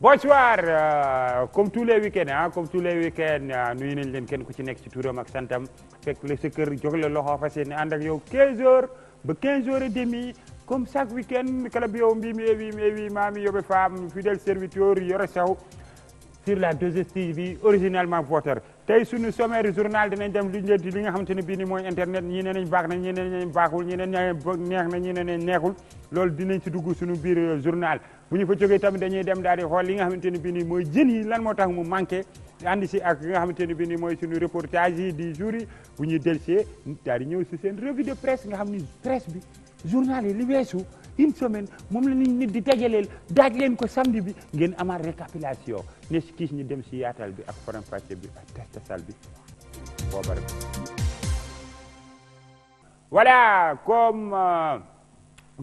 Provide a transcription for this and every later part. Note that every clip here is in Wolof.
bonsoir euh, comme tous les week-ends comme tous les week euh, leen kenn ku ci nekk ci turam ak santam fekk la sa kër jox la loxo fas yéene ànd ak yow 15 heures ba 15 heures et demi comme chaque week kala bi yow mbi mi ewi mi ewi maami yoɓe faam fidèle serviteur yoro saw sur la 2STV originalement voteur tey suñu sommaire journal dinañ dem lu njënti li nga xamante ne bii ni mooy internet ñi ne nañ baax na ñi ne nañ baaxul ñi ne ne nañ loolu dinañ ci dugg suñu biir euh, journal bu ñu fa jógee tamit dañuy dem daal di li nga xamante ne bi nii mooy jën lan moo tax mu manqué ànd si ak nga xamante ne bi nii mooy suñu reportage yi di jour yi bu ñuy delsee daal di si seen revue de presse nga xam ni presse bi journal yi li weesu une semaine moom la ni nit di dajaleel daaj leen ko samedi bi ngeen amaat récapitulation ne si kiis ñu dem si yaatal bi ak faram fàcce bi ak tastasal bi booba rek voilà comme euh,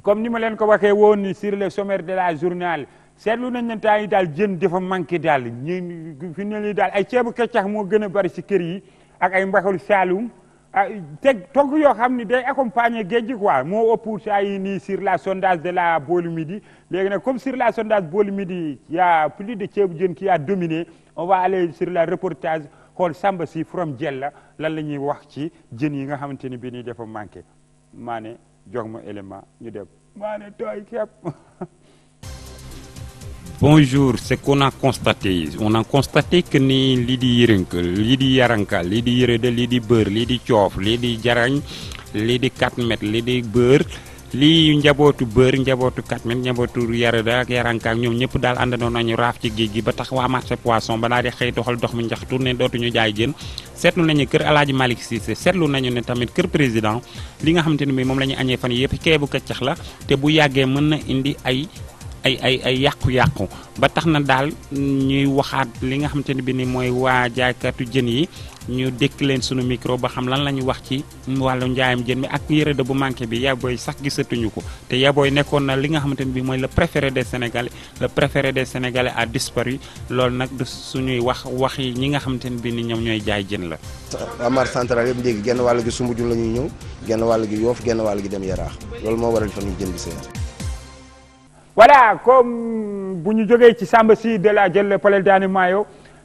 comme ni ma leen ko waxee woon ni sur le sommaire de la journal seetlu nañ ne temps yi daal jën dafa manqué daal ñu fi ne nii daal ay ceebu keccax moo gën a bari ci kër yi ak ay mbaxalu saalum ah teg togg yoo xam ni day accompagner géej gi quoi moo ëpp saa yi nii sur la sondage de la boolu midi léegi nag comme sur la sondage boolu midi y a plus de ceebu jën qui a dominé on va aller sur la reportage xool Samba si from Jella lan la ñuy wax ci jën yi nga xamante ni bi nii dafa manqué maa jox ma élément ñu dem maa ne tooy képp bonjour ce qu'on a constaté on a constaté que ni lii di yërënkal yaranka lii di yërëde lii di bër lii di coof lii di jarañ lii di 4 mètres lii lii njabootu bër njabootu Katmen njabootu Yarada ak Yaranka ak ñoom ñëpp daal àndandoo nañu raaf ci géej gi ba tax waa marché poisson ba daal di xëy doxal dox mu njax tourné dootuñu jaay jën seetlu nañu kër Alaaji Malick Cissé seetlu nañu ne tamit kër président li nga xamante ne bi moom la ñuy añee fan yëpp kee bu kaccax la te bu yàggee mën na indi ay ay ay ay yàqu-yàqu ba tax na daal ñuy waxaat li nga xamante ni bi ni mooy waa jaaykatu jën yi ñu dékk leen sunu micro ba xam lan la ñu wax ci wàllu njaayam jën mi ak yëre de bu manqué bi yaboy sax gisatuñu ko te yaboy nekkoon na li nga xamante ne bii mooy le préféré des sénégalais le préféré des sénégalais a disparu loolu nag du suñuy wax wax yi ñi nga xamante ne bi ni ñoom ñooy jaay jën la. amar central yëpp léegi genn wàll gi Soumbédioune la ñuy ñëw genn wàll gi Yoff genn wàll gi dem Yaraax loolu moo waral fan ñu jën bi seer. voilà comme bu ñu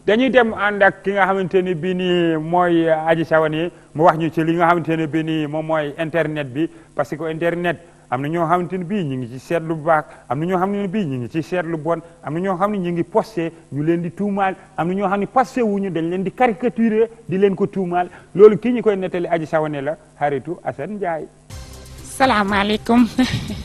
dañuy dem ànd ak ki nga xamante ni bii nii mooy Aji Sawane mu wax ñu ci li nga xamante ne bii nii moom mooy internet bi parce que internet am na ñoo xamante ne bii ñu ngi ci seetlu bu baax am na ñoo xam ne bii ñu ngi ci seetlu bon am na ñoo xam ne ñu ngi posté ñu leen di tuumaal am na ñoo xam ne posté wuñu dañ leen di caricaturer di leen ko tuumaal loolu kii ñu koy nettali Aji Sawane la xaritu Assane Ndiaye. salaamaaleykum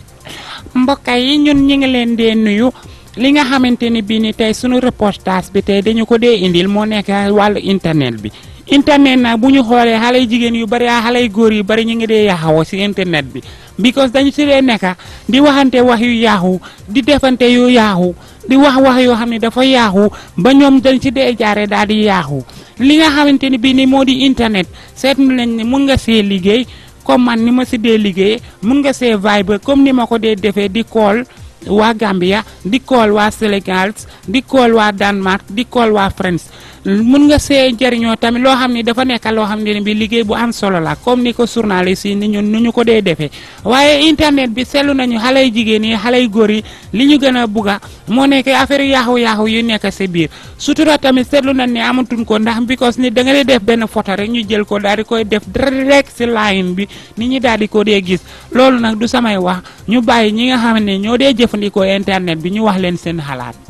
mbokk yi ñun ñu ngi leen di nuyu. li nga xamante ni bii ni tey suñu reportage bi tey dañu ko dee indil moo nekk wàllu internet bi internet nag bu ñu xoolee xale jigéen yu bari ak xale góor yu bari ñu ngi dee yaxawoo ci internet bi because dañu si dee nekka di waxante wax yu yaaxu di defante yu yaaxu di wax wax yoo xam ne dafa yaaxu ba ñoom dañu si dee jaare daal di yaaxu li nga xamante ni bii ni moo di internet seetlu nañ ne mun nga see liggéey comme man ni ma si dee liggéey mun nga see vibe comme ni ma ko dee defee di call waa Gambia di kool waa Sénégal di kool waa Danemark di kool waa France mun nga see jëriñoo tamit loo xam ne dafa nekk loo xam ne bi liggéey bu am solo la comme ni ko journaliste yi ni ñu ni ko dee defee waaye internet bi seetlu nañu xale yu jigéen yi xale yu góor yi li ñu gën a bugga moo nekk affaire yaaxu yaaxu yu nekk si biir sutura tamit seetlu nañ ne amatuñ ko ndax because ni da nga dee def benn photo rek ñu jël ko daal di koy def direct si line bi ni ñu daal di ko dee gis loolu nag du samay wax ñu bàyyi ñi nga xam ne ñoo dee jëfandikoo internet bi ñu wax leen seen xalaat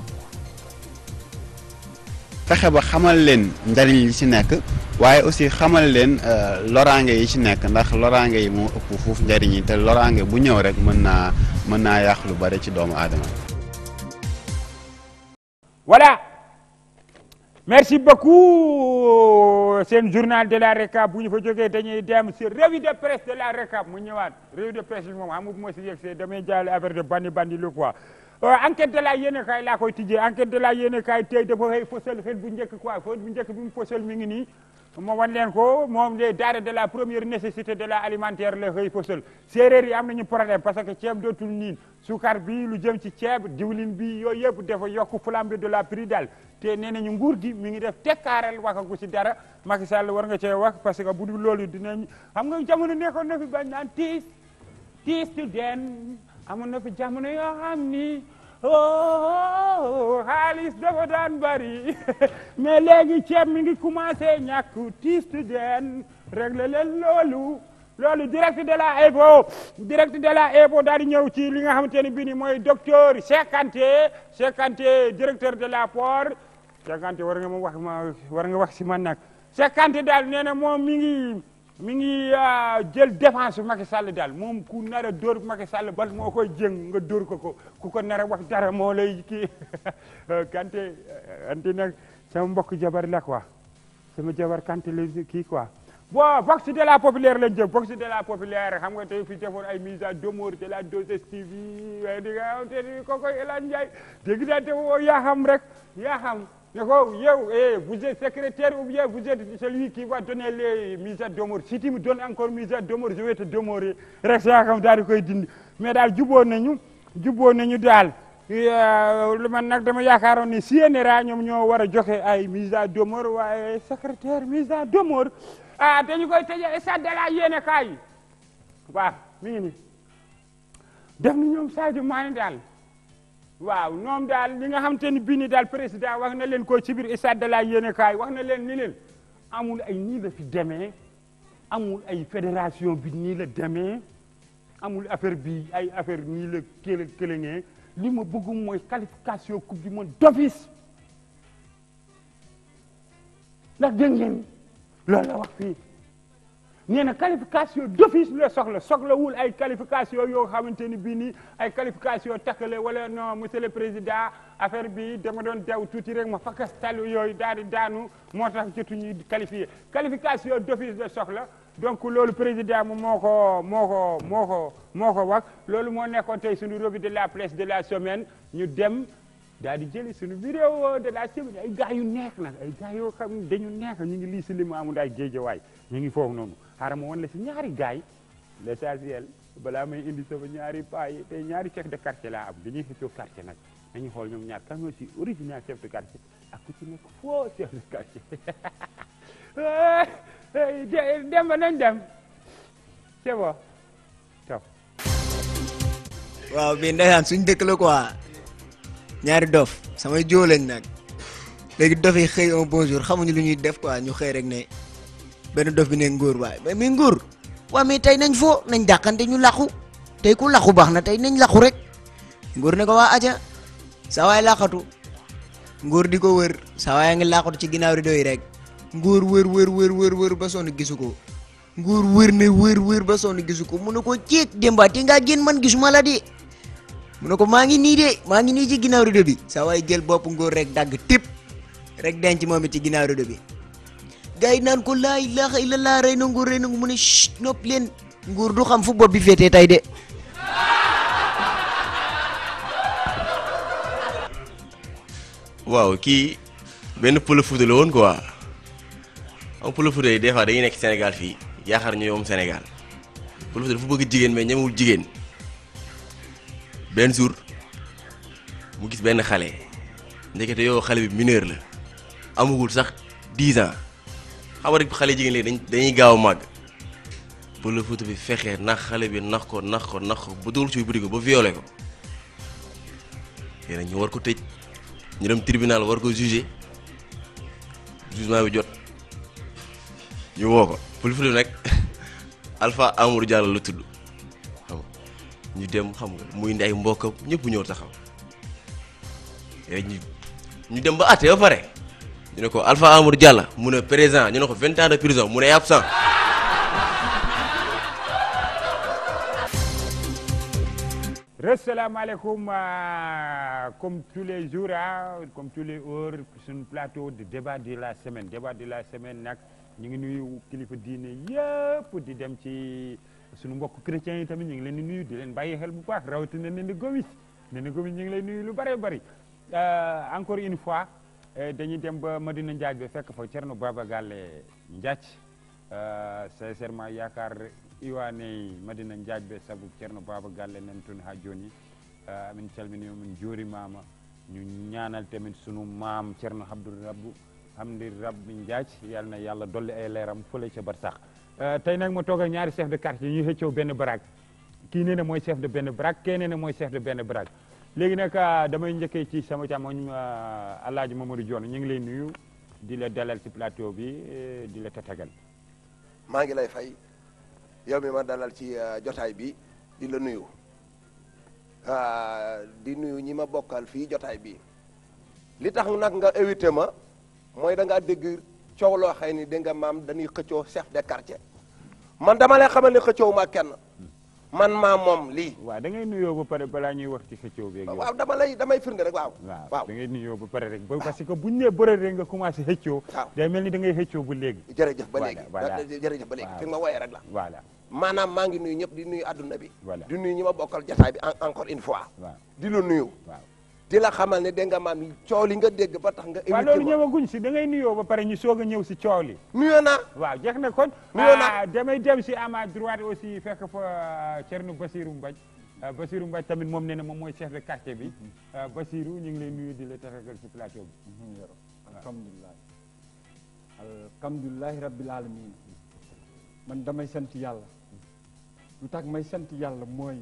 fexe ba xamal leen njariñ li ci nekk waaye aussi xamal leen euh, loraange yi ci nekk ndax loraange yi moo ëpp fuuf njariñ yi te loraange bu ñëw rek mën naa mën naa yàq lu bari ci doomu aadama. voilà merci beaucoup seen journal de la récap bu ñu fa jógee dañuy dem ci revue de presse de la récap mu ñëwaat revue de presse moom xam nga bu si ci yegg see damay jaay affaire de bandi bandi lu quoi. Oh, enquête de la yéenekaay laa koy tijjee enquête de la yéenekaay tey dafa xëy fësal xel bu njëkk quoi bu njëkk bi mu fësal mi ngi nii leen ko moom les denrées de la première nécessité de la alimentaire la xëy fësal séeréer yi am nañu problème parce que ceeb dootul niin sukar bi lu jëm ci ceeb diwlin bi yooyu yëpp dafa yokk flambée de la pri daal te nee ñu nguur gi mi ngi def tekkaaral waxagu ci dara Macky Sall war nga cee wax parce que bu dul loolu dinañ xam nga jamono nekkoon na fi bañ naan amoon na fi jamono yoo xam ni oh xaalis dafa daan bari mais léegi ceeb mi ngi commencé ñàkk tiis tu den leen loolu loolu direct de la EPO direct de la EPO daal di ñëw ci li nga xamante ne bii nii mooy docteur Cheikh Kanté Cheikh de la port Cheikh Kanté war nga ma wax ma war si man nag Cheikh Kanté daal nee moom mi ngi. mi ngi ah, jël défense mag Sall daal moom ku nar a dóor Macky Sall bal moo koy jëng nga dóor ko ko ku ko nar a wax dara moo lay kii kante eh, anti nag sama mbokk jabar la quoi sama jabar kante la kii quoi bon vox de la populaire lañ jëm vox de la populaire xam nga tey fi ay mise à demeure de la 2STV waaye di nga xam te ni kooku rek yaa xam C'est ko eh, vous êtes secrétaire ou bien vous êtes celui qui va donner les mises à demeure. Si tu me donnes encore mise à demeure, je vais te demeurer. daal di koy dindi mais daal juboo nañu juboo nañu daal euh, man nag dama yaakaaroon ne CNRA ñoom ñoo war a joxe ay mise à demeure waaye secrétaire mise à demeure ah dañu koy tëjee stade de la yéene kaay waaw mi ngi ni def ni ñoom daal waaw ñoom daal li nga xam te ni bii ni daal président wax na leen ko ci biir stade de la yéenekaay wax na leen ni leen amul ay nii la fi demee amul ay fédération bi nii la demee amul affaire bi ay affaire nii la këla këlëngee li ma bëgg mooy qualification coupe du monde d'office ndax dégg ngeen la wax fii nee na qualification d'office la soxla soxlawul ay qualification yoo xamante ni bii nii ay qualification takkale wala non monsieur le président affaire bi dama doon daw tuuti rek ma fakkas talu yooyu daal di daanu moo tax jotuñu qualifié qualification d'office la soxla donc loolu président mu moo ko moo ko moo ko moo ko wax loolu moo nekkoon tey suñu revue de la presse de la semaine ñu dem daal di jëli suñu vidéo de la semaine ay gars yu neex nag ay gars yoo xam dañu ñu ngi lii si li ay géejawaay ñu ngi foofu noonu xaaral ma woon la si ñaari gaay l'essentiel balaa may indi sama ñaari paa te ñaari chef de quartier laa am dañuy xëccoo quartier nag dañuy xool ñoom ñaar kan aussi si chef de quartier ak ku ci nekk nañ dem c'est bon waaw bii ndeysaan suñ dëkk la quoi ñaari dof samay jóo lañ nag léegi dof yi xëy un bonjour xamuñu lu ñuy def quoi ñu xëy rek ne benn dof bi ne ngóor waaye mais mi ngóor waaw mais tey nañ foo nañ dàqante ñu laqu tey ku laqu baax na tey nañ laqu rek ngóor ne ko waa aja saa waay laqatu ngóor di ko wër saa waay a ngi laqatu ci ginaaw rido yi rek nguur wër wër wër wër wër ba sonn gisu ko ngóor wër ne wër wër ba sonn gisu ko mu ne ko ceeg démba te ngaa man gisu la de mu ne ko maa ngi nii de maa ngi nii ci ginnaaw rido bi saa waay jël bopp ngóor rek dagg tip rek denc moom it ci ginaaw rido bi. gars yi naan ko laa ilaaha illallaah rey na nguur rey na nguur mu nopp leen nguur du xam fu bopp bi féetee tay de waaw kii benn pël Fuuta la woon quoi am pël Fuuta yi des fois nekk Sénégal fii yaakaar ñu moom Sénégal pël Fuuta dafa bëgg jigéen mais ñemewul jigéen benn jour mu gis benn xale ndekete yoo xale bi mineur la amagul sax 10 xam nga rek xale jigéen léegi dañuy gaaw a màgg bu la Fouta bi fexee nax xale bi nax ko nax ko nax ko ba dugal ci biir ko ba violé ko yéen ñu war ko tëj ñu dem tribunal war ko jugé bi jot ñu woo ko Pul Fouta la tudd xam nga xam nga muy indi ay mbokkam ñëpp ñëw taxaw ñu dem ba àtte ba pare. ñu ne ko Alpha Amour Diallo mu ne président ñu ne ko vingt ans de prison mu ne absent resalaamaaleykum euh, comme tous les jours ah comme tous les heures suñu plateau de débat de la semaine débat de la semaine nag ñu ngi nuyu kilifa diine yëpp di dem ci suñu mbokk chrétiens yi tamit ñu ngi leen di nuyu di leen bàyyi xel bu baax rawatina ne ne gomis ne ne gomis ñu ngi lay nuyu lu bëree bari euh, encore une fois Eh, dañuy dem ba Madina Njaaj bi fekk fa Cerno Baba Galle Njaaj eh, sincèrement yaakaar iwaane Madina Njaaj be sabu Cerno Baba Galle nan toon ha joni eh, min calmini min maama ñu ñaanal tamit sunu maam cer Cerno Abdou Rabbu Hamdi Rabbi Njaaj yal na yàlla dolli ay leeram fële ca sax tey nag ma toog ak ñaari chef de quartier ñu xëccoo benn baraag kii nee na mooy chef de benn baraag kee nee mooy chef de benn baraag léegi nag euh, damay njëkkee ci sama càmmoñ euh, Alaaji Mamadou Dione ñu ngi lay nuyu di la dalal ci plateau bi euh, di la maa ngi lay fay yow mi ma dalal ci jotaay bi di la nuyu di nuyu ñi ma bokkal fii jotaay bi li tax nag nga éviter ma mooy da ngaa dégg coow loo xëy ni da nga maam dañuy xëccoo chef de quartier man dama lay xamal ne xëccoo ma kenn man maa moom lii. waaw da ngay nuyoo ba pare balaa ñuy wax ci xëccoo bi. waaw dama lay damay firnde rek waaw. waaw da ngay nuyoo ba pare rek. parce que bu ñu nee bëre rek nga commencé xëccoo. waaw day mel ni da ngay xëccoo bu léegi. jërëjëf ba léegi jërëjëf ba léegi fi ma wooyee rek la. maanaam maa ngi nuyu ñëpp di nuyu adduna bi. di nuyu ñi ma bokkal jataay bi encore une fois. di lu nuyu. di la xamal ne dégg nga maam coow li nga dégg ba tax nga. éviter waaw loolu ñëwaguñ si da ngay nuyoo ba pare ñu soog a ñëw si coow li. nuyoo naa. waaw jeex na kon. nuyoo naa ah, damay dem si ama droite aussi fekk fa ah, Thierno basiiru Mbaye. Basirou Mbaye tamit moom nee na moom mooy chef de quartier bi. Ah, Basirou ñu ngi lay nuyu di la tefegal si plateau bi. alhamdulilah mhm, alhamdulilah rabbil alamin man damay sant yàlla. lu tax may sant yàlla mooy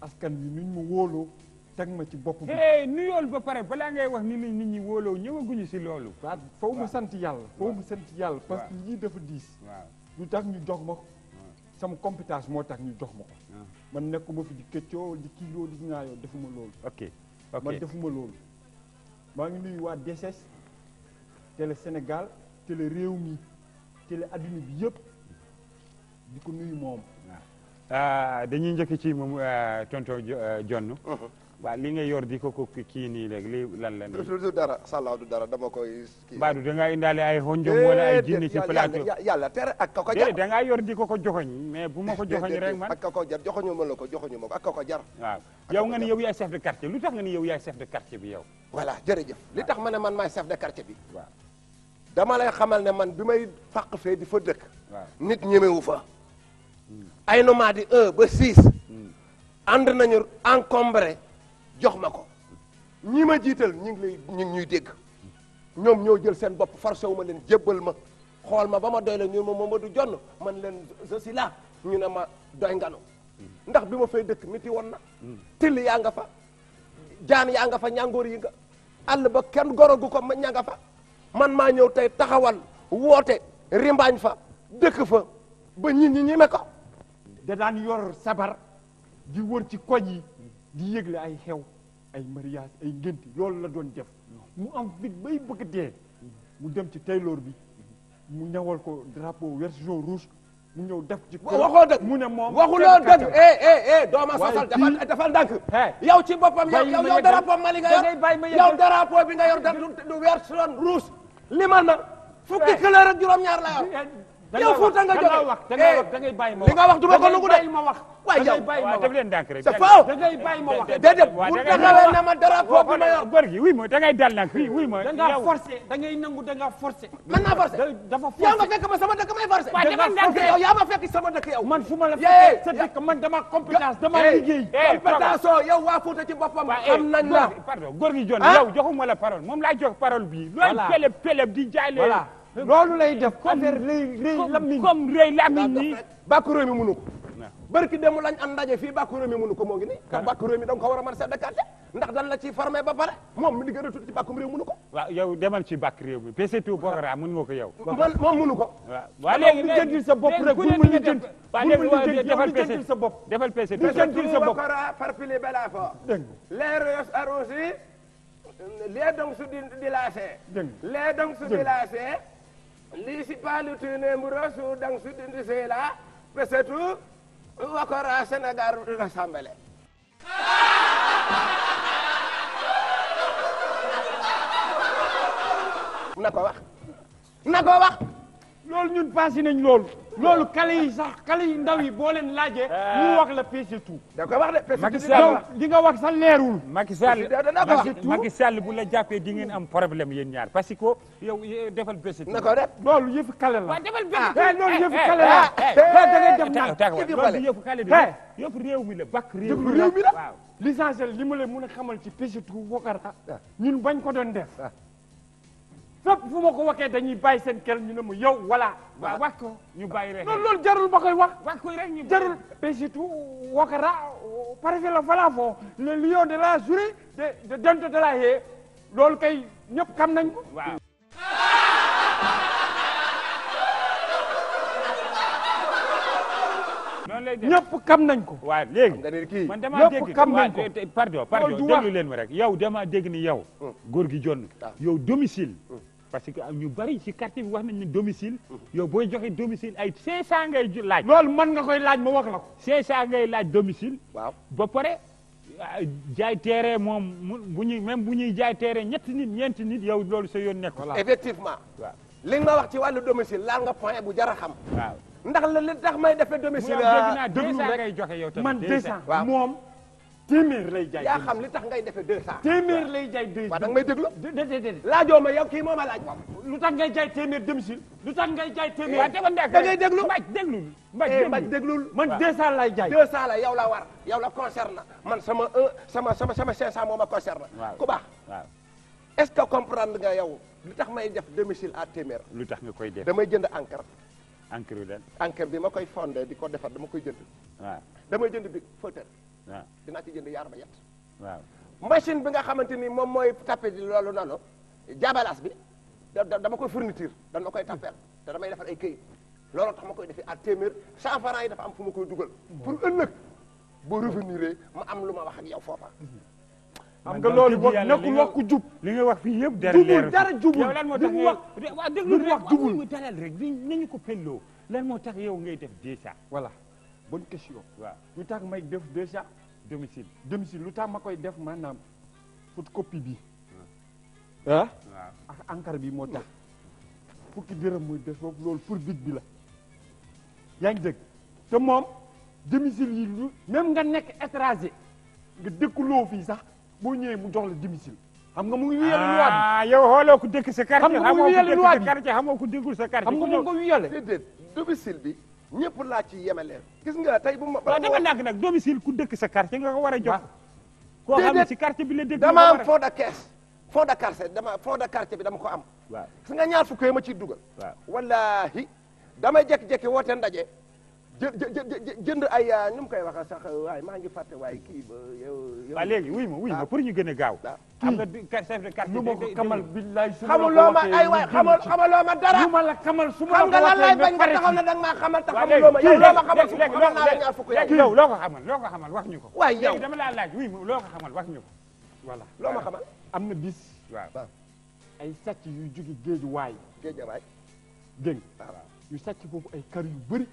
askan wi teg ma ci bopp bi nuyool ba pare balaa ngay wax ni nit ñi wóoloo ñëwaguñu si loolu waaw faw ma sant yàlla faw ma sant yàlla parce que lii dafa diis ñu tax ñu jox ma ko sama compétence moo tax ñu jox ma ko man nekkuma fi di këccoo di kiiroo di ñaayoo defuma loolu ok ok man defuma loolu maa ngi nuyu waa DSS télé Sénégal télé réew mi télé adduna bi yëpp di ko nuyu moom ah, dañuy njëkk ci moom ah, tonton Jonn ah, waaw li nga yor di ko ko kii nii léegi li lan la du dara sàllaaw du dara dama koy kii baadu da ngaa indaale ay xonjom wala ay jinni ci plateau yàlla tere ak ka ko jar da ngaa yor di ko ko joxoñ mais bu ma ko joxoñ rek man ak ko jar joxoñu ma la ko joxoñu ma ko ak ka ko jar waaw yow nga ni yow yaay chef de quartier lu tax nga ni yow yaay chef de li tax ma ne man maay chef de quartier bi waaw dama lay xamal ne man bi may fàq fee di fa dëkk nit ñemewu fa hmm. ay nomades di un ba six hmm. ànd nañu encombré jox ma ko ñii ma jiital ñu ngi lay ñu ngi ñuy dégg ñoom ñoo jël seen bopp forcé wu ma leen jébbal ma xool ma ba ma doy la moom ma Mamadou Jonn man leen je suis ñu ne ma doy nganu ndax bi ma fay dëkk miti woon na till yaa nga fa jaan yaa nga fa ñàngoor yi nga àll ba kenn gorogu ko ma nga fa man maa ñëw tey taxawal woote rimbaañ fa dëkk fa ba ñit ñi ñi me ko da daan yor sabar di wër ci koñ yi di yëgle ay xew ay mariage ay ngénte loolu la doon def mu am fit bay bëgg dee mu dem ci taylor bi mu ñawal ko drapeau vert jaune rouge mu ñëw def ci waxoo dëgg mu ne moom waxuloo dëgg eh eh eh dooma safal defal defal ndànk yow ci boppam yow yow drapeau Mali nga yor yow drapeau bi nga yor da du vert jaune rouge limal na fukki couleur ak juróom-ñaar la yor yow Fuuta nga jógee wax da ngay wax da ngay eh, bàyyi ma wax li nga wax du ma ko nangu de waaye yow waaw daf leen dànk rek c'est faux da ngay bàyyi ma wax déedéet bu taxawee na ma dara foofu ma yor góor gi oui mooy da ngay dal nag oui oui mooy da ngaa forcé da ngay nangu da ngaa forcé man naa forcé dafa forcé yaa ma fekk ma sama dëkk may forcé yow yaa ma fekk sama dëkk yow man fu ma la fekk sa dëkk man dama compétence dama liggéey compétence yow waa Fuuta ci boppam am nañ la pardon góor gi John ah? yow joxuma la parole moom laa jox parole bi looy peleb peleb di jaay loolu lay def affaire rëy rëy lamiñ comme rëy lamiñ nii bàkku réew mi barki demu lañ am ndaje fii bàkku réew mi ko moo ngi nii ka bàkku réew mi da nga ko war a mën a seet dakarte la ci formé ba pare moom mi di gën a tudd ci bàkkum réew mënu ko waaw yow demal ci bàkk réew mi PCTU programme mën ko yow man moom mënu ko waaw léegi di jëndil sa bopp rek bu mu lijjanti bu mu lijjanti sa bopp defal PCTU di jëndil sa bopp kora farpili bala fo leer yos liisi baalu tuune mburo suudang sudindi seela pesetu wakora sénégal rassemblé na ko wax na ko wax loolu ñun passé nañ lool loolu kale yi sax kale yi ndaw yi boo leen laajee. Eh. wax la pécé tout. da wax de Macky di nga wax sax leerul. Macky Sall Macky Sall bu la jàppee di am problème yéen ñaar parce que yow eh, defal pécé tout. d'accord loolu yëfu kale la. waaw defal pécé ah. eh, tout. loolu yëfu kale la. da ngay def nag loolu yëfu kale la. yëpp réew mi la bakk réew mi la. l'essentiel li ma la mun a xamal ci pécé tout Bokar ñun bañ ko doon def. Ah. fépp fu ma ko waxee dañuy bàyyi seen kër ñu ne ma yow voilà. waaw wax ko ñu bàyyi rek. loolu loolu jarul ma koy wax. wax ko rek ñu jarul. mais surtout wakara parfait foo le lion de la Jurée de de dent de la haie kay ñëpp xam nañ ko. ñëpp xam nañ ko. waaw léegi nga kii man damaa dégg waaw pardon pardon déglu leen ma rek yow damaa dégg ni yow. Hmm. góor gi jonn ah. yow domicile. parce que am ñu bari ci quartier wax nañ ne domicile. Hmm. yow booy joxe domicile ay 500 ngay laaj. loolu mën nga koy laaj ma wax la ko. 500 ngay laaj domicile. waaw ba pare ah, jaay teere moom bu ñuy même bu ñuy jaay teere ñetti nit ñeenti nit yow loolu sa yoon nekk. effectivement. waaw li nga wax ci wàllu domicile laal nga point bu jar a xam. waaw. ndax la li tax may defee domicile. ah déglu rek man 200. waaw moom téeméer lay jaay. yaa xam li tax ngay defee 200. téeméer lay jaay 200 waaw da nga may déglu. déedéet laajoo ma yow kii moo ma laaj. lu tax ngay jaay téeméer domicile. lu tax ngay jaay téeméer. waaw dama nekk da ngay déglu Mbaj déglul. Mbaj déglul Mbaj déglul man 200 lay jaay. 200 la yow la war yow la concerne man sama un sama sama sama 500 moo ma concerne. waaw ku baax waaw. est-ce que comprendre nga yow li tax may def domicile à téeméer. lu tax nga koy def damay jënd encre encre leen encre bi ma koy fonde di ko defar dama koy jënd waaw damay jënd bi fauteur waaw dinaa ci jënd yaar ba yett waaw machine bi nga xamante ni moom mooy tapé di loolu noonu jabalaas bi dama koy fourniture dama koy tapeel te damay defar ay këyit loolu tax ma koy defee ak téeméer cent yi dafa am fu ma koy dugal pour ëllëg boo revenir ma am lu ma wax ak yow foofa xam nga loolu nekkul wax ku jub li nga wax fii yëpp jubul dara jubul yow lan moo tax wax waaw déglu rek wax jubul dalal rek nañu ko pelloo moo tax yow ngay def déjà voilà bonne question waaw lu tax may def déjà domicile domicile lu tax ma koy def maanaam photocopie bi ah, ah? ak encre bi moo tax fukki dërëm mooy def foofu loolu pour big bi la yaa ngi dégg moom domicile yi lu même nga nekk étranger nga dëkkuloo fii sax boo ñëwee mu jox la domicile xam nga mu ngi wiyale ah, loi bi yow xooloo ko dëkk sa quartier xam nga mu wiyale loi bi quartier xamoo ko dëkkul sa quartier xam nga mu ko wiyale déedéet domicile laa ci yemaleel gis nga tey bu ma waaw dama nag nag domicile ku dëkk sa quartier nga ko war a jox koo xam ne si quartier bi la dëkk dama am fond de caisse fond de quartier dama fond da quartier bi dama ko am waaw gis nga ñaar fukk ma ciy dugal wallaahi damay jekki-jekki woote ndaje jë jënd ay ah, nu mu koy waxee sax waaye maa ngi fàtte waaye kii ba yow. waaw léegi wuy ma wuy ma ah. pour ñu gën a gaaw. Ah. am nga du chef de quartier. lu ma ko kamal billaay su ma la ko waxee xamuloo ma ay waay xamal xamaloo kamal su ma la ko waxee xam nga lan ma. yow loo ma xamal su ma xamal naa la ñaar ko xamal loo ko xamal wax ñu ko. waay yow dama laa laaj wuy ma loo wax ñu ko. voilà loo ma am na bis. waaw ay sàcc yu jóge géej waay. géej waay. dégg ñu sàcc foofu ay kar yu bëri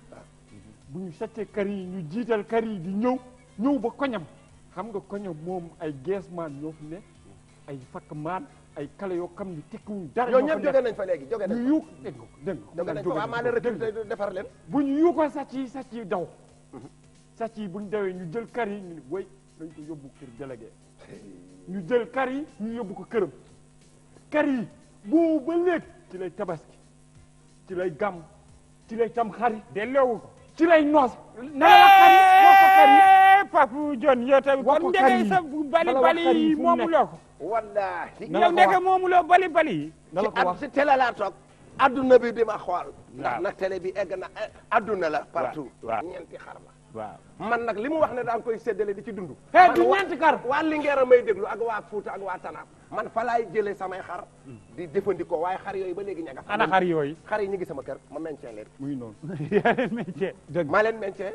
bu ñu seccee kër yi ñu jiital kari di ñëw ñëw ba koñam xam nga koñam moom ay gees maan ñoo fi ne ay fakk maan ay kale yoo xam ne tekkiwuñ dara ñoo ñëpp jóge nañ fa léegi jóge nañ ñu yuuk dégg ko dégg ko jóge nañ fa amaa leen recruté defar leen bu ñu yuukoo sàcc yi sàcc yi daw mhm. sàcc yi bu ñu dawee ñu jël kër yi ñu ne way dañ ko jël kër ñu yóbbu ko këram kër yi boobu ba léeg ci lay tabaski ci lay gàmm ci lay tam xarit delloowul ci lay noos. na la wax kër yi tamit bali bali yi moomu loo ko. wallaahi yow ndeke moomu loo bali bali yi. ci at si télé laa toog. adduna bi di ma xool. ndax nag télé bi egg na eh, adduna la. partout ñeenti xar la. man nag li mu wax ne daan koy séddale di ci dund. Eh, man du ñeenti xar. waa Linguère may déglu ak waa Fuuta ak waa Tanab. man fa laay jëlee samay xar di jëfandikoo waaye xar yooy ba léegi ña nga ana xar yooy xar yi ñu ngi sama kër ma mencee leen muy noonu yaa maa leen mencee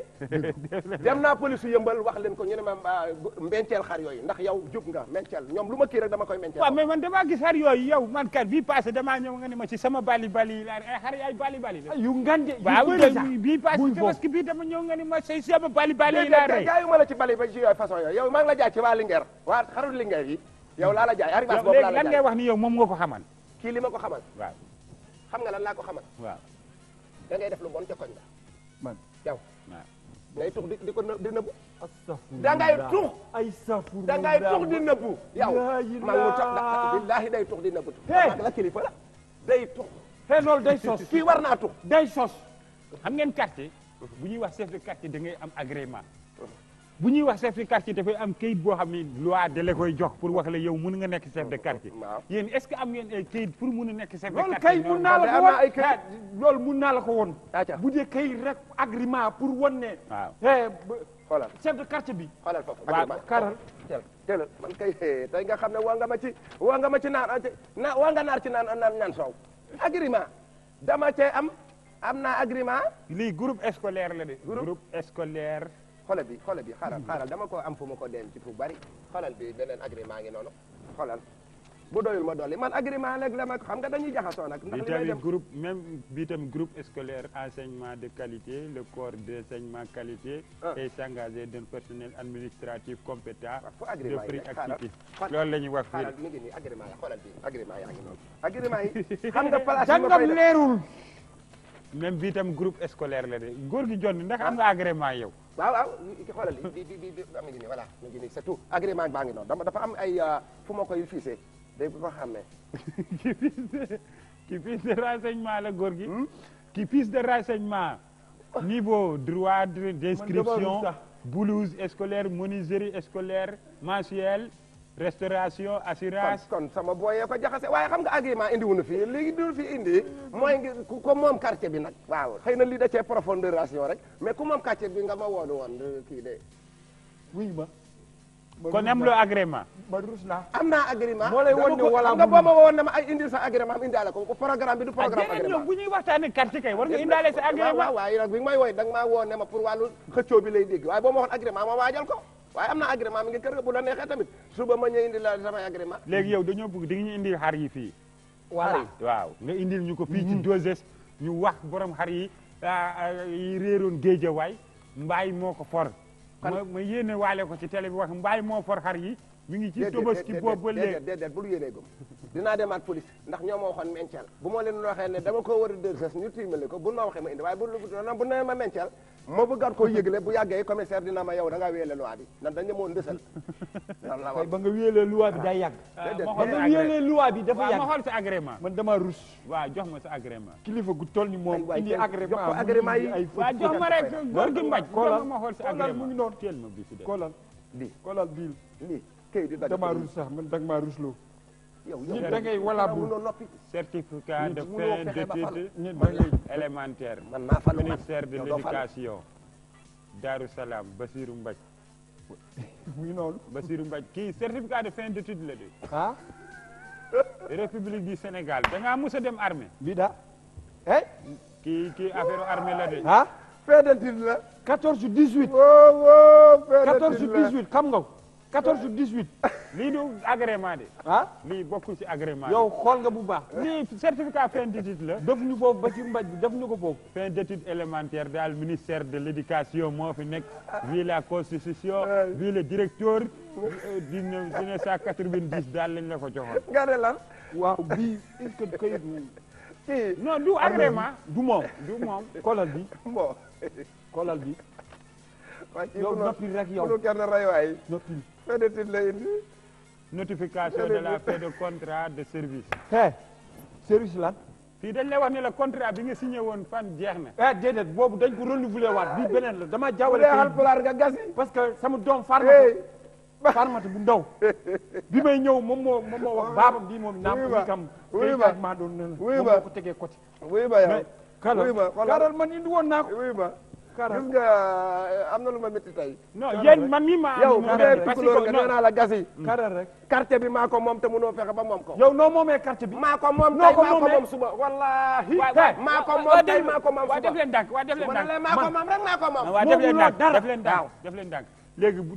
dem naa police yëmbal wax leen ko ñu ne ma ah, menceel xar yooyu ndax yow jub nga menceel ñoom lu ma kii a dama koy menceel waaw man damaa gis xar yooyu yow man kat bii passé damaa ñëw nga ne ma ci sama bali bali la ay xar yaay bali bali la ah, yu ngande waaw bii passé dama ñëw nga ne ma ci sama bali bali la rey gaayu ma la ci bali ba ci yooyu façon yooyu yow maa ngi la jaay ci waa Linguère waa xaru Linguère yi yow laa la jaay arrivage boobu laa la lan ngay wax ni yow moom nga ko xamal kii li ma ko xamal waaw xam nga lan laa ko xamal waaw da ngay def lu bon ca koñ la man yow day tux di ko di nëbbu da ngay tux ay safur da ngay tux di nëbbu yow man mu tax billaahi day tux di nëbbu nag la la day tux te loolu day sos kii war naa tux day sos xam ngeen quartier bu ñuy wax chef de quartier da ngay am agrément bu ñuy wax chef de quartier dafay am kayit boo xam ni loi da koy jox pour wax la yow mën nga nekk chef de quartier. waaw yéen ce que am ngeen ay kayit pour mën a nekk. chef de quartier loolu kay mun naa la ko woon loolu mun naa la ko woon. bu dee kayit rek agrément pour wan ne. waaw eh, chef de quartier bi. xoolal foofu agrément teel man kay eh, tey nga xam ne waa nga ma ci nga ma ci naan eh, na waa nga naar ci naan naan naan soow agrément dama cee am am naa agrément. lii groupe scolaire la de. groupe scolaire. xoolal bi xoolal bi xaaral xaaral dama ko am fu ma ko denc fu bari xoolal bi beneen agrément ngi noonu man agrément nag la ma xam dañuy jaxasoo nag ndax li may def groupe même bi tam groupe scolaire de qualité le corps d'enseignement qualité ah. est engagé d'un ah, de prix activité loolu la ñuy wax fii mi ngi nii agrément ya xoolal bi agrément yaa ngi noonu agrément leerul même bi tam groupe scolaire la de góor gi jonni ndax am nga agrément yow waaw waaw ki xoolal bi bi bi ngi nii c'est tout am ay euh, fu ma koy fiisee day bu ma fiis de renseignement la góor gi hmm? ki fiis de renseignement niveau droit d'inscription blouse scolaire menuiserie scolaire mensuel restauration assurance. kon sama booyee ko jaxase waaye xam nga agrément indi wuñu fii léegi du fi indi. mooy ngi ku moom quartier bi nag. waaw na lii da cee profondeuration rek mais ku moom quartier bi nga ma woon woon euh, kii de. wuyu ma. kon am loo agrément. am naa agrément. moo lay woon ne ma ay indil sa agrément am indaale ko programme bi du ah, programme agrément. ak nga indaale sa agrément. waaw waaw waaye nag bi may woy da maa woon ne ma pour wàllu xëccoo bi lay dégg waaye boo ma waxoon agrément ma waajal ko waaye am na agrément mi ngi kër ga bu la neexee tamit suba ma ñëw indi la samay agrément léegi yow dañoo bëgg di nga ñu indil xar yi fii voilà waaw nga indil ñu ko fii ci 2S mm. ñu wax borom xar yi ah, ah, yi réeroon géejawaay mbaayi moo ko for ma yéene waale ko ci télé bi wax mbaay moo for xar yi mi ngi ci tobaski boobu léegi déedéet bul yéene gum dinaa demaat police ndax ñoo ma waxoon menceel bu ma leen waxee ne dama ko war a dërsas ñu tiimale ko bu ma waxee ma indi waaye bu bu ne ma menceel ma bëggaat koo yëgle bu yàggee commissaire dina ma yow da ngaa wéele loi bi ndax dañ demoon ndësal tey ba nga wéele loi bi day yàgg ah, ba nga wéele loi bi dafa yàgg ma xool sa agrément man dama rus waaw jox ma sa agrément kilifa gu toll ni moom indi agrément jox ko agrément yi waaw jox ma rek góor gi mbaj ma xool sa agrément mu ngi noonu teel ma bi si de koolal di koolal biil lii kay di dagg damaa rus sax man dag maa rusloo. yow yow da wala bu certificat de fin d'études élémentaire man maa falu ministère de l'éducation Darou Salaam Mbaj muy noonu Mbaj kii certificat de fin d'études la de ah? république du Sénégal da ngaa a dem armée bi da eh armée la de ah fin d'études la quatorze dix-huit quatorze dix 14 18. lii du agrément de. ah lii bokkul ci agrément yow xool nga bu baax. lii certificat fin d'étude la. def ñu foofu ba ci mbaj bi def ñu ko foofu. fin d'étude élémentaire daal ministère de l'éducation moo fi nekk. vu la constitution. Ah. vu le directeur. Euh, dix neuf cent quatre-vingt-dix daal lañ la ko joxoon. nga ne lan waaw bii est-ce que kayit bi. Eh. non du agrément. du moom du moom. kolal bi yow noppi rek yow. mënul fédétit la indi. notification de la fin de contrat de service. hey service lan. fii dañ lay wax ne la contrat bi nga signé woon fan jeex na. ah déedéet boobu dañ ko renouvelé waat bii beneen la dama jaawale. Haalpulaar nga gasi. parce que sama doom farmata farmata bu ndaw. bi may ñëw moom moo moom moo wax baabam bii moom. naam bi moom moo ko tegee côté. kala kala man indi woon naa gis nga eh, am na lu ma métti tey. man mii maa. yow bu dee la gasi. karal rek quartier bi maa ko moom te munoo fexe ba moom ko. yow noo moomee quartier bi. maa ko moom tey maa ko moom suba wallaahi. maa ko moom tey maa ko moom suba. waaw def leen dànk moom rek maa ko moom. waaw def leen dànk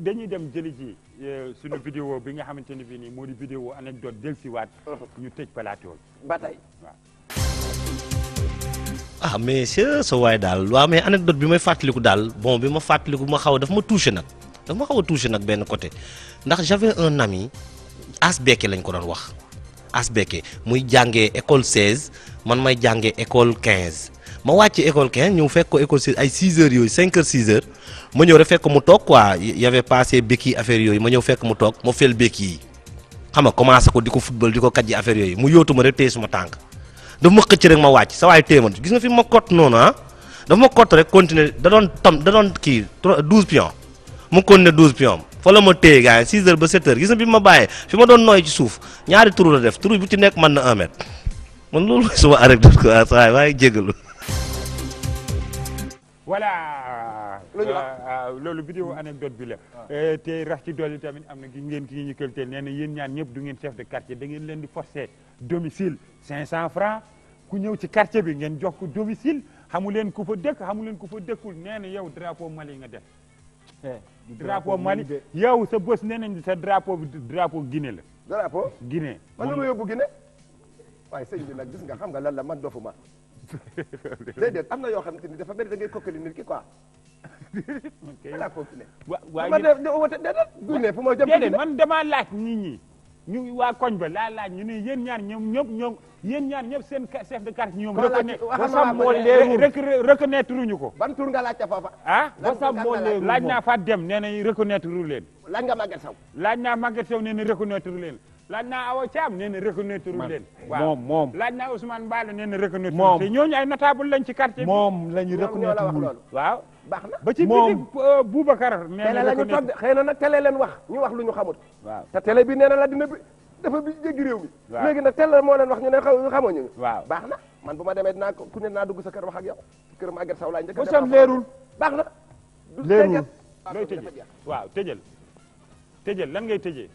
dañuy dem jëli ji eh, suñu vidéo bi nga xamante ne bii nii moo di vidéo anecdote dellusiwaat uh-huh. ñu tëj plateau ba tey waaw ah mais c'est sa waay daal waaw mais anecdote bi may fàttaliku daal bon bi ma fàttaliku ma xaw a dafa ma touché nag dafa ma xaw a touché nag benn côté ndax j'avais un ami asbeke lañ ko doon wax asbeke muy jàngee école 16 man may jàngee école quinze ma wàcc école 15 ñëw fekk ko école 16 ay 6 heures yooyu 5 heures 6 heures ma ñëw rek fekk mu toog quoi y avait passé béki affaire yooyu ma ñëw fekk mu toog ma fel béki yi xam nga commencé ko di ko football di ko kàjji affaire yooyu mu yóotu ma tànk. dafa ma xëcc rek ma wàcc sa waay téeman gis nga fi ma cote noonu ah dafa ma cote rek continuer da doon tam da doon kii 12 mu continuer 12 pion la ma téye gars yi 6 heures ba 7 heures gis nga bi ma bàyyee fi ma doon nooy ci suuf ñaari turu la def turu bu ci nekk mën na 1 mètre man loolu mooy suma arrêté ko ah sa waay waaye jégalu lu ñu wax ah, ah, loolu vidéo hmm. anecdote bi la ah. eh, te rax ci dolli tamit am na gi ngeen ki ñu këlteel nee na yéen ñaan ñëpp du ngeen chef de quartier da ngeen leen di forcer domicile cinq cent francs ku ñëw ci quartier bi ngeen jox ko domicile xamu leen ku fa dëkk xamu leen ku fa dëkkul nee na yow drapeau Mali nga def eh, drapeau Mali yow sa bës nee nañ sa drapeau bi drapeau Guinée la drapeau Guinée man la ma yóbbu Guinée waaye sëñ bi nag gis nga xam nga lan la man dofuma déedéet am na yoo xamante ni dafa mel da ngay kokkali nit ki quoi. voilà wa waaye man de woote déedéet. guné fu ma jëm déedéet man damaa laaj nit ñi. ñu waa koñ ba laa laaj ñu ne yéen ñaar ñoom ñoom ñoom yéen ñaar ñëpp seen chef de quartier ñoom. wasam moo leerul reconnaître ñu ko. ban tur nga laaj ca foofa. ah wasam moo leerul laaj naa fa dem nee nañ reconnaître leen. laaj nga Maguette saw laaj naa Maguette Sow nee na reconnaître leen. laaj naa Awa Thiam nee na reconnaître leen. waaw moom moom. laaj naa Ousmane Mballo nee na reconnaître. moom te ñooñu ay notable lañ ci quartier bi. moom la ñu reconnaître waaw. baax na ba ci biir euh, Boubacar. nee na la ñu toog xëy na nag télé leen wax ñu wax lu ñu xamut. waaw te télé bi nee na la dina bi dafa bi jéggi réew mi. waaw léegi nag télé moo leen wax ñu ne xaw ñu xamoo ñu. waaw baax na man bu ma demee dinaa ku ne naa dugg sa kër wax ak yow. kër Maguette Sow laa njëkk a dem leerul baax na. leerul looy tëjee waaw tëjal tëjal lan ngay tëjee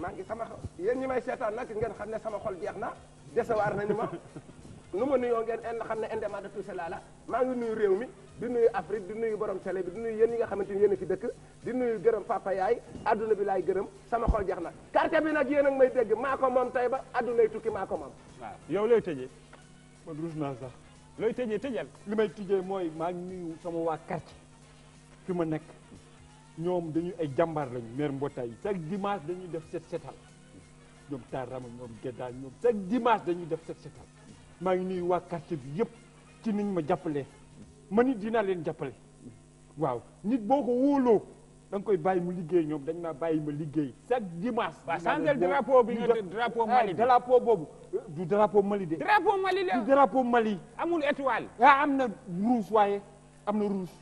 maa ngi sama xol yéen ñi may seetaan nag ngeen xam ne sama xol jeex na desewaar nañu ma nu ma nuyoo ngeen en xam ne indépendant de tout laa la maa ngi nuyu réew mi di nuyu Afrique di nuyu borom télé bi di nuyu yéen ñi nga xamante ni yéen a dëkk di nuyu gërëm papa yaay adduna bi laay gërëm sama xol jeex na quartier bi nag yéen a may dégg maa ko moom tey ba addunay tukki maa ko moom waaw yow looy tëjee ma ruus naa sax looy tëjee tëjal li may tëjee mooy maa ngi nuyu sama waa quartier fi ma nekk ñoom dañu ay jàmbaar lañu maire mbootaay yi chaque dimanche dañuy def set setal ñoom taarama ñoom geddaa ñoom chaque dimanche dañuy def set setal maa ngi ñuy waa quartier bi yëpp ci niñ ma jàppalee ma nit dinaa leen jàppale waaw nit boo ko wóoloo da koy bàyyi mu liggéey ñoom dañ maa bàyyi ma liggéey chaque dimanche. waaw sànqal drapeau bi nga drapeau ah, Mali drapeau boobu du drapeau Mali de. drapeau Mali la du drapeau Mali. amul étoile. aa ah, am na rouge waaye am na rouge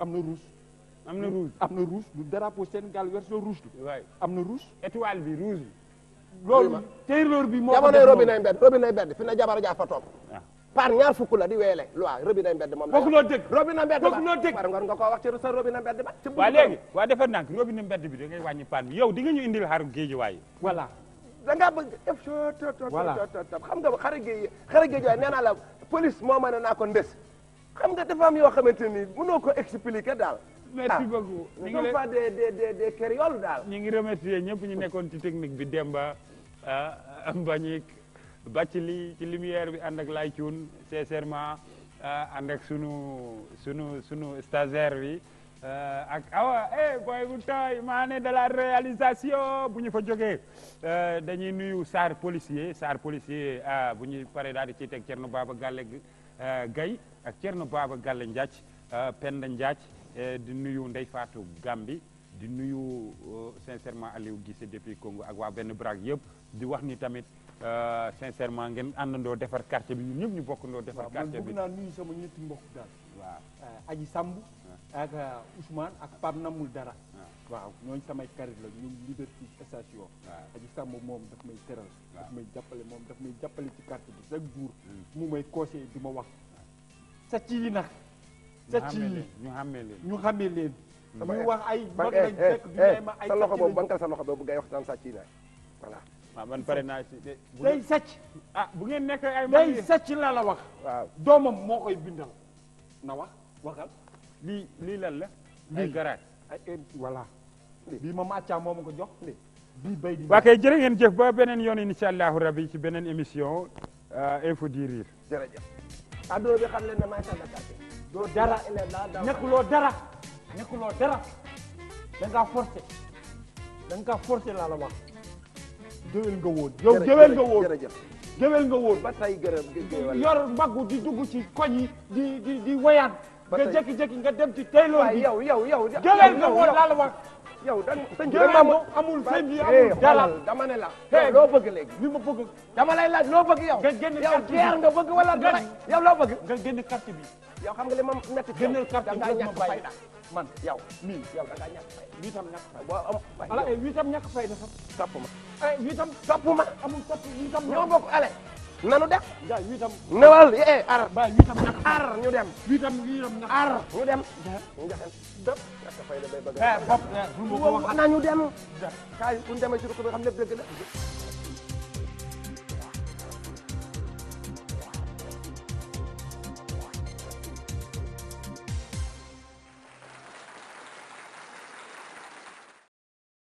am na rouge. am na rouge am na rouge du drapeau Sénégal version rouge bi. waay am na rouge. étoile bi rouge bi. loolu terroir bi moo. jamonoy robinet mbedd robinet mbedd fi na jabar jaa fa toog. Ah. par ñaar fukk la di weele waaw robinet mbedd moom. foog noo dëgg robinet mbedd ba foog noo dëgg war nga koo wax ci sa robinet mbedd ba. ci waaw léegi waaw defar naa robinet mbedd bi da ngay wàññi paan bi yow di nga ñu indil xaru géej waaye. voilà da ngaa bëgg def. voilà xam nga xaru géej xaru géej waaye nee naa la police moo mën a naa ko ndes xam nga dafa am yoo xamante ni mënoo ko expliquer daal merci ah, beaucoup ñu ngi pas des des des créoles daal. ñu ngi remercier ñëpp ñu nekkoon ci technique bi Demba ah, ah Mbagnick Bathily ci lumière bi ànd ak Lay Thioune sincèrement ah, ànd ak sunu sunu sunu stagiaire bi ak awa eh boy bu tooy maane de la réalisation bu ñu fa jógee dañuy nuyu saar policier SAR policier bu ñuy paree daal di ciy teg Thierno Baba Galle Gaye ak Thierno Baba Galle Ndiath Penda Ndiath. Eh, di nuyu Ndeye Fatou Gambi di nuyu euh, sincèrement Aliou Guissé depuis Congo ak waa benn braak yëpp di wax ni tamit euh, sincèrement ngeen àndandoo defar quartier bi ñun ñëpp ñu bokkandoo defar quartier bi waaw man bëgg naa nuyu sama ñetti mbokk daal. waaw euh, Aji ak Ousmane ak Pape Namul Dara. waaw ñooñu samay xarit la ñoom Liberté station. waaw Aji Samb moom daf may teral. daf may jàppale moom daf may jàppale ci quartier bi chaque jour. Mm. mu may conseillé di ma wax. sa ci yi nag. set yi ñu xàmmee leen ñu xàmmee leen ñu wax ay mag eh, lañ eh, fekk du ñu eh, ma ay sa loxo boobu bankal sa loxo boobu ngay wax daan sàcc yi naa voilà waaw man pare naa ci day ah, bu ngeen nekk ay day sàcc la la wax waaw doomam moo koy bindal na wax waxal lii lii lan la ay garage ay voilà bii moom àccaa moo ma ko jox ba kay jërë ngeen jëf ba beneen yoon incha allahu rabi ci beneen émission euh, info di doo dara nekkuloo dara nekkuloo dara da nga forcé da nga forcé laa la wax géwél nga woon yow géwél nga woon géwél nga woon ba tey gërëm yor mbaggu di dugg si koñ yi di di di wayaan nga jékki-jékki nga dem ci tayloor bi yow yow yow géwél nga woon laa la wax yow da nga amul sëñ bi amul eh, dara dama ne la. loo bëgg léegi li ma bëgg. dama lay laaj loo bëgg yow. nga génn carte nga bëgg wala dara yow bëgg. nga génn carte bi. yow xam nga li ma métti gënal carte da nga ñàkk fayda man yow mii yow da nga ñàkk fayda wii tam ñàkk fayda ala eh, wii tam ñàkk fayda sax topp ma ay eh, wii tam topp ma amul topp wii tam ñoo bokk ale nanu def jaay wii tam nawal eh, eh ar ba wii tam ñàkk ar ñu dem wii tam wii tam ñàkk ar ñu dem ñu jaxen dëpp ñàkk ñu dem kaay bu ñu demee ci ko bi xam lépp dëgg